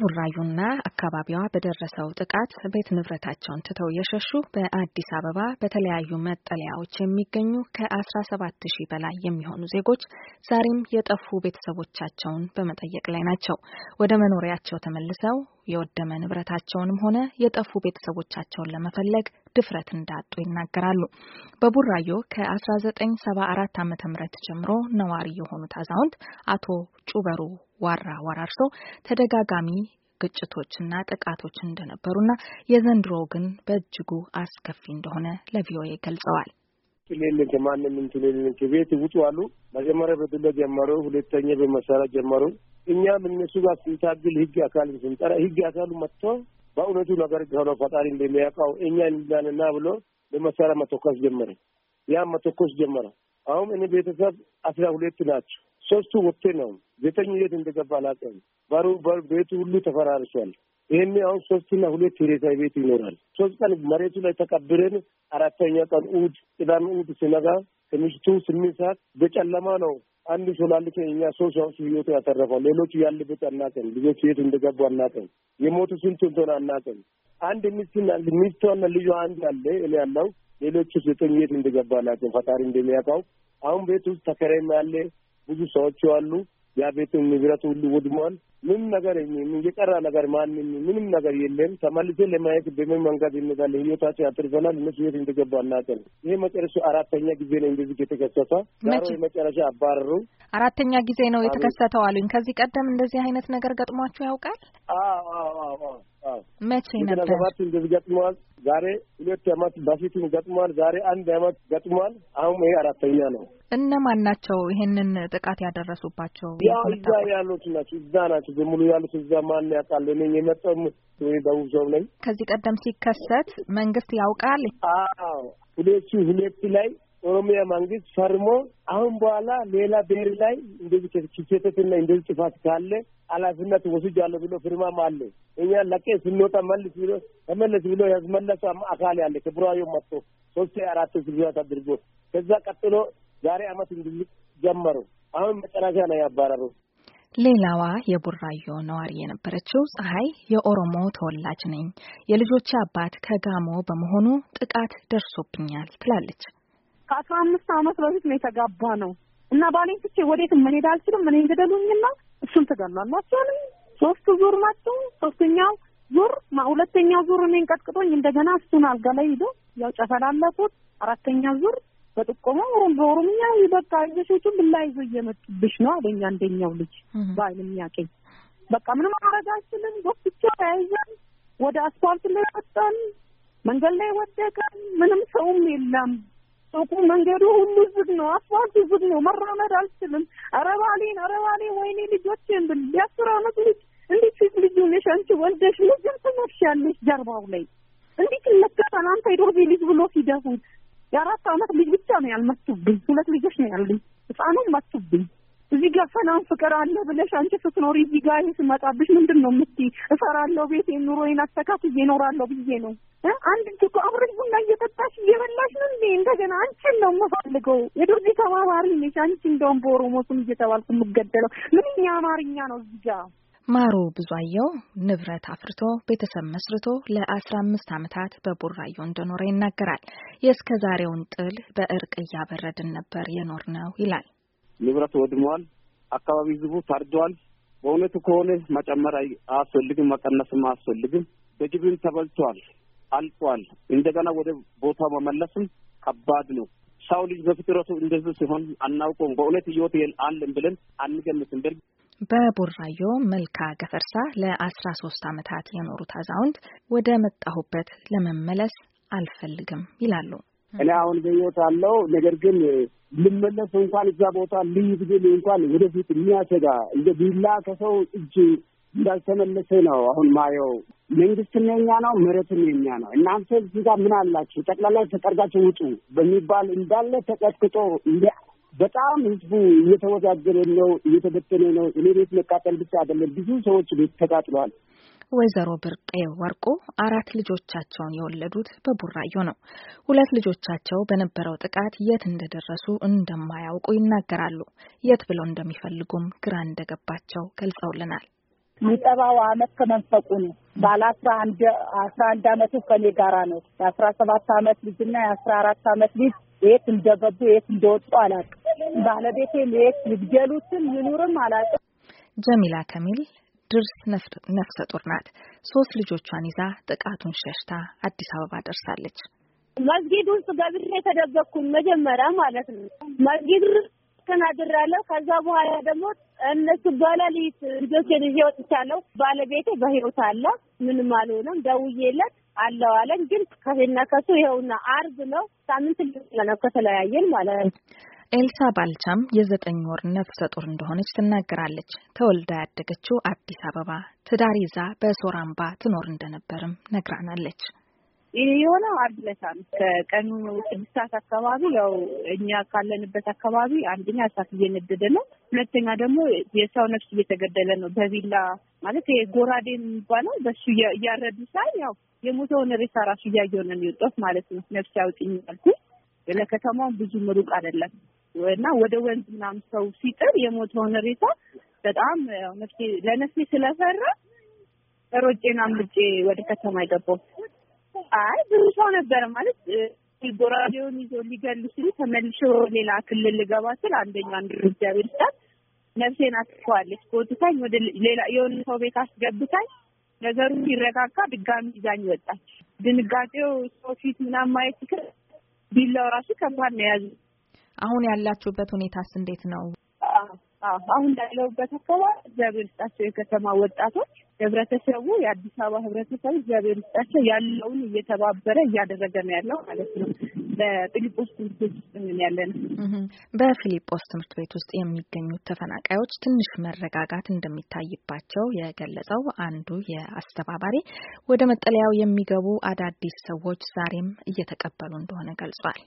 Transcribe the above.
በቡራዩና አካባቢዋ በደረሰው ጥቃት ቤት ንብረታቸውን ትተው የሸሹ በአዲስ አበባ በተለያዩ መጠለያዎች የሚገኙ ከ17 ሺህ በላይ የሚሆኑ ዜጎች ዛሬም የጠፉ ቤተሰቦቻቸውን በመጠየቅ ላይ ናቸው። ወደ መኖሪያቸው ተመልሰው የወደመ ንብረታቸውንም ሆነ የጠፉ ቤተሰቦቻቸውን ለመፈለግ ድፍረት እንዳጡ ይናገራሉ። በቡራዮ ከ1974 ዓ.ም ጀምሮ ነዋሪ የሆኑት አዛውንት አቶ ጩበሩ ዋራ ወራርሶ ተደጋጋሚ ግጭቶችና ጥቃቶች እንደነበሩና የዘንድሮው ግን በእጅጉ አስከፊ እንደሆነ ለቪኦኤ ገልጸዋል። ጥሌልን ማንም ትሌልን ቤት ውጡ አሉ። መጀመሪያ በዱላ ጀመሩ፣ ሁለተኛ በመሳሪያ ጀመሩ። እኛም እነሱ ጋር ስንታግል ህግ አካል ስንጠራ ህግ አካሉ መጥቶ በእውነቱ ነገር ከሆነ ፈጣሪ እንደሚያውቀው እኛ እንዳንና ብሎ በመሳሪያ መተኮስ ጀመረ። ያ መተኮስ ጀመረ። አሁን እኔ ቤተሰብ አስራ ሁለት ናቸው። ሶስቱ ወጥቴ ነው። ዘጠኝ ቤት እንደገባ አላውቅም። ባሩ ቤቱ ሁሉ ተፈራርሷል። ይህኔ አሁን ሶስትና ሁለት ሬሳ ቤት ይኖራል። ሶስት ቀን መሬቱ ላይ ተቀብረን አራተኛ ቀን እሑድ ቅዳሜ እሑድ ሲነጋ ከምሽቱ ስምንት ሰዓት በጨለማ ነው አንድ ሾላልት እኛ ሶስት ሰዎች ህይወቱ ያተረፈው ሌሎቹ ያለበት አናቀን ልጆች የት እንደገቡ አናቀን የሞቱ ስንት እንደሆነ አናውቅም። አንድ ሚስትና ሚስቷና ልዩ አንድ አለ እኔ ያለው ሌሎቹ ዘጠኝ የት እንደገባ አናቀን ፈጣሪ እንደሚያውቀው አሁን ቤት ውስጥ ተከራይም ያለ ብዙ ሰዎች አሉ። ያ ቤቱ ንብረቱ ሁሉ ወድሟል። ምንም ነገር የቀራ ነገር ማንም ምንም ነገር የለም። ተመልሴ ለማየት በምን መንገድ ይነጋለ ህይወታቸው አትርፈናል። እነሱ ቤት እንደገባ እናቀል ይሄ መጨረሻ አራተኛ ጊዜ ነው እንደዚህ የተከሰተ ዳሮ የመጨረሻ አባረሩ። አራተኛ ጊዜ ነው የተከሰተው አሉኝ። ከዚህ ቀደም እንደዚህ አይነት ነገር ገጥሟችሁ ያውቃል? አዎ አዎ አዎ መቼ ነበር? ሰባት እንደዚህ ገጥመዋል። ዛሬ ሁለት አመት በፊትም ገጥመዋል። ዛሬ አንድ አመት ገጥመዋል። አሁን ይሄ አራተኛ ነው። እነማን ናቸው ይሄንን ጥቃት ያደረሱባቸው? እዛ ያሉት ናቸው። እዛ ናቸው በሙሉ ያሉት እዛ። ማን ያውቃል? እኔ የመጣሁም ደቡብ ዞን ላይ ከዚህ ቀደም ሲከሰት መንግስት ያውቃል። አዎ ሁለቱ ሁለት ላይ ኦሮሚያ መንግስት ፈርሞ አሁን በኋላ ሌላ ብሔር ላይ እንደዚህ ክስተትና እንደዚህ ጥፋት ካለ ኃላፊነት ወስጃለሁ ብሎ ፊርማም አለ። እኛ ለቄ ስንወጣ መልስ ብሎ ተመለስ ብሎ ያስመለሰ አካል ያለ ከቡራዮ መጥቶ ሶስት አራት ስብዛት አድርጎ ከዛ ቀጥሎ ዛሬ አመት እንዲልቅ ጀመሩ። አሁን መጨረሻ ነው ያባረሩ። ሌላዋ የቡራዮ ነዋሪ የነበረችው ፀሐይ የኦሮሞ ተወላጅ ነኝ፣ የልጆች አባት ከጋሞ በመሆኑ ጥቃት ደርሶብኛል ትላለች። ከአስራ አምስት አመት በፊት ነው የተጋባ ነው እና ባሌን ትቼ ወዴትም መሄድ አልችልም። እኔ እንግደሉኝና እሱን ትገላላቸውንም ሶስቱ ዙር መጡ። ሶስተኛው ዙር ሁለተኛው ዙር እኔን ቀጥቅጦኝ እንደገና እሱን አልጋ ላይ ሂዶ ያው ጨፈላለፉት። አራተኛ ዙር በጥቆማ ሩም በኦሮምኛ በቃ ይዘሾቹ ብላ ይዞ እየመጡብሽ ነው አለኝ። አንደኛው ልጅ ባይል የሚያቀኝ በቃ ምንም ማድረግ አልችልም። ጎትቼ ተያይዘን ወደ አስፋልት ላይ ወጣን። መንገድ ላይ ወደቀን። ምንም ሰውም የለም። ሱቁ፣ መንገዱ ሁሉ ዝግ ነው። አስፋልቱ ዝግ ነው። መራመድ አልችልም። አረባሌን አረባሌ ወይኔ ልጆችን ብል የአስር አመት ልጅ እንዴት ፊት ልጁ ነሽ አንቺ ወልደሽ ልጅም ትነፍሻለሽ ጀርባው ላይ እንዴት ይመከታል? አንተ የዶርቤ ልጅ ብሎ ሲደፉት የአራት አመት ልጅ ብቻ ነው ያልመቱብኝ። ሁለት ልጆች ነው ያሉኝ። ህፃኑም መቱብኝ። ሰላም ፍቅር አለ ብለሽ አንቺ ስትኖሪ እዚህ ጋር ይህ ስመጣብሽ ምንድን ነው የምትይ? እሰራለሁ፣ ቤቴን፣ ኑሮዬን አስተካክዬ እኖራለሁ ብዬ ነው። አንድ እጅ እኮ አብረሽ ቡና እየጠጣሽ እየበላሽ ነው እንዴ? እንደገና አንቺን ነው የምፈልገው። የድርጅት ተባባሪ ነሽ አንቺ። እንደውም በኦሮሞ ስም እየተባልኩ የምገደለው ምንኛ አማርኛ ነው እዚህ ጋር ማሮ ብዙአየው ንብረት አፍርቶ ቤተሰብ መስርቶ ለአስራ አምስት ዓመታት በቡራዮ እንደኖረ ይናገራል። የእስከ ዛሬውን ጥል በእርቅ እያበረድን ነበር የኖር ነው ይላል። ንብረት ወድሟል፣ አካባቢ ህዝቡ ታርደዋል። በእውነቱ ከሆነ መጨመር አያስፈልግም፣ መቀነስም አያስፈልግም። በጅብም ተበልቷል፣ አልቋል። እንደገና ወደ ቦታው መመለስም ከባድ ነው። ሰው ልጅ በፍጥረቱ እንደዚህ ሲሆን አናውቀውም። በእውነት ህይወት አለን ብለን አንገምትም። በል በቡራዮ መልካ ገፈርሳ ለአስራ ሶስት አመታት የኖሩት አዛውንት ወደ መጣሁበት ለመመለስ አልፈልግም ይላሉ። እኔ አሁን በሕይወት አለው። ነገር ግን ልመለስ እንኳን እዛ ቦታ ልይዝ ግን እንኳን ወደፊት የሚያሰጋ እንደ ቢላ ከሰው እጅ እንዳልተመለሰ ነው አሁን ማየው። መንግስትም የኛ ነው፣ መሬትም የኛ ነው። እናንተ እዚህ ጋር ምን አላችሁ? ጠቅላላ ተጠርጋችሁ ውጡ በሚባል እንዳለ ተቀጥቅጦ በጣም ህዝቡ እየተወጋገረ ነው፣ እየተበተነ ነው። እኔ ቤት መቃጠል ብቻ አይደለም፣ ብዙ ሰዎች ቤት ተቃጥሏል። ወይዘሮ ብርቄ ወርቁ አራት ልጆቻቸውን የወለዱት በቡራዮ ነው። ሁለት ልጆቻቸው በነበረው ጥቃት የት እንደደረሱ እንደማያውቁ ይናገራሉ። የት ብለው እንደሚፈልጉም ግራ እንደገባቸው ገልጸውልናል። የሚጠባው አመት ከመንፈቁ ነው። ባለ አስራ አንድ አስራ አንድ አመቱ ከኔ ጋራ ነው። የአስራ ሰባት አመት ልጅና የአስራ አራት አመት ልጅ የት እንደገቡ የት እንደወጡ አላውቅም። ባለቤቴ ልየት ልትገሉትም ይኑርም አላውቅም። ጀሚላ ከሚል ድርስ ነፍሰ ጡር ናት። ሶስት ልጆቿን ይዛ ጥቃቱን ሸሽታ አዲስ አበባ ደርሳለች። መስጊድ ውስጥ ገብሬ የተደበቅኩኝ መጀመሪያ ማለት ነው። መስጊድ ተናድራለሁ። ከዛ በኋላ ደግሞ እነሱ በሌሊት ልጆቼን ይዤ ወጥቻለሁ። ባለቤቴ በህይወት አለ፣ ምንም አልሆነም። ደውዬለት አለው አለን። ግን ከሄና ከሱ ይኸውና፣ አርብ ነው ሳምንት ልጅ ነው ከተለያየን ማለት ነው። ኤልሳ ባልቻም የዘጠኝ ወር ነፍሰ ጡር እንደሆነች ትናገራለች። ተወልዳ ያደገችው አዲስ አበባ፣ ትዳር ይዛ በሶራምባ ትኖር እንደነበርም ነግራናለች። ይህ የሆነው አርብ ዕለት ነው። ከቀኑ ስድስት ሰዓት አካባቢ ያው እኛ ካለንበት አካባቢ አንደኛ እሳት እየነደደ ነው፣ ሁለተኛ ደግሞ የሰው ነፍስ እየተገደለ ነው። በቪላ ማለት ጎራዴ የሚባለው በሱ እያረዱ ሳይ ያው የሞተውን ሬሳ ራሱ እያየሁ ነው የሚወጣው ማለት ነው። ነፍስ ያውጥኝ ያልኩ ለከተማውን ብዙም ሩቅ አይደለም። እና ወደ ወንዝ ምናምን ሰው ሲጥር የሞተውን ሬሳ በጣም ነፍሴ ለነፍሴ ስለፈራ ሮጬና ምጬ ወደ ከተማ የገባው። አይ ብዙ ሰው ነበረ ማለት ጎራዴውን ይዞ ሊገል ሲሉ ተመልሾ ሌላ ክልል ልገባ ስል አንደኛው አንድ እግዚአብሔር ስታት ነፍሴን አትፈዋለች። ጎትታኝ ወደ ሌላ የሆነ ሰው ቤት አስገብታኝ ነገሩ ሲረጋጋ ድጋሚ ይዛኝ ወጣች። ድንጋጤው ሰው ፊት ምናምን ማየት ይክር ቢላው ራሱ ከባድ ነው የያዙት አሁን ያላችሁበት ሁኔታስ እንዴት ነው? አሁን ያለሁበት አካባቢ እግዚአብሔር ይስጣቸው የከተማ ወጣቶች ህብረተሰቡ፣ የአዲስ አበባ ህብረተሰቡ እግዚአብሔር ይስጣቸው ያለውን እየተባበረ እያደረገ ነው ያለው ማለት ነው። በፊሊጶስ ትምህርት ቤት ውስጥ ምን ያለ ነው። በፊሊጶስ ትምህርት ቤት ውስጥ የሚገኙት ተፈናቃዮች ትንሽ መረጋጋት እንደሚታይባቸው የገለጸው አንዱ የአስተባባሪ ወደ መጠለያው የሚገቡ አዳዲስ ሰዎች ዛሬም እየተቀበሉ እንደሆነ ገልጿል።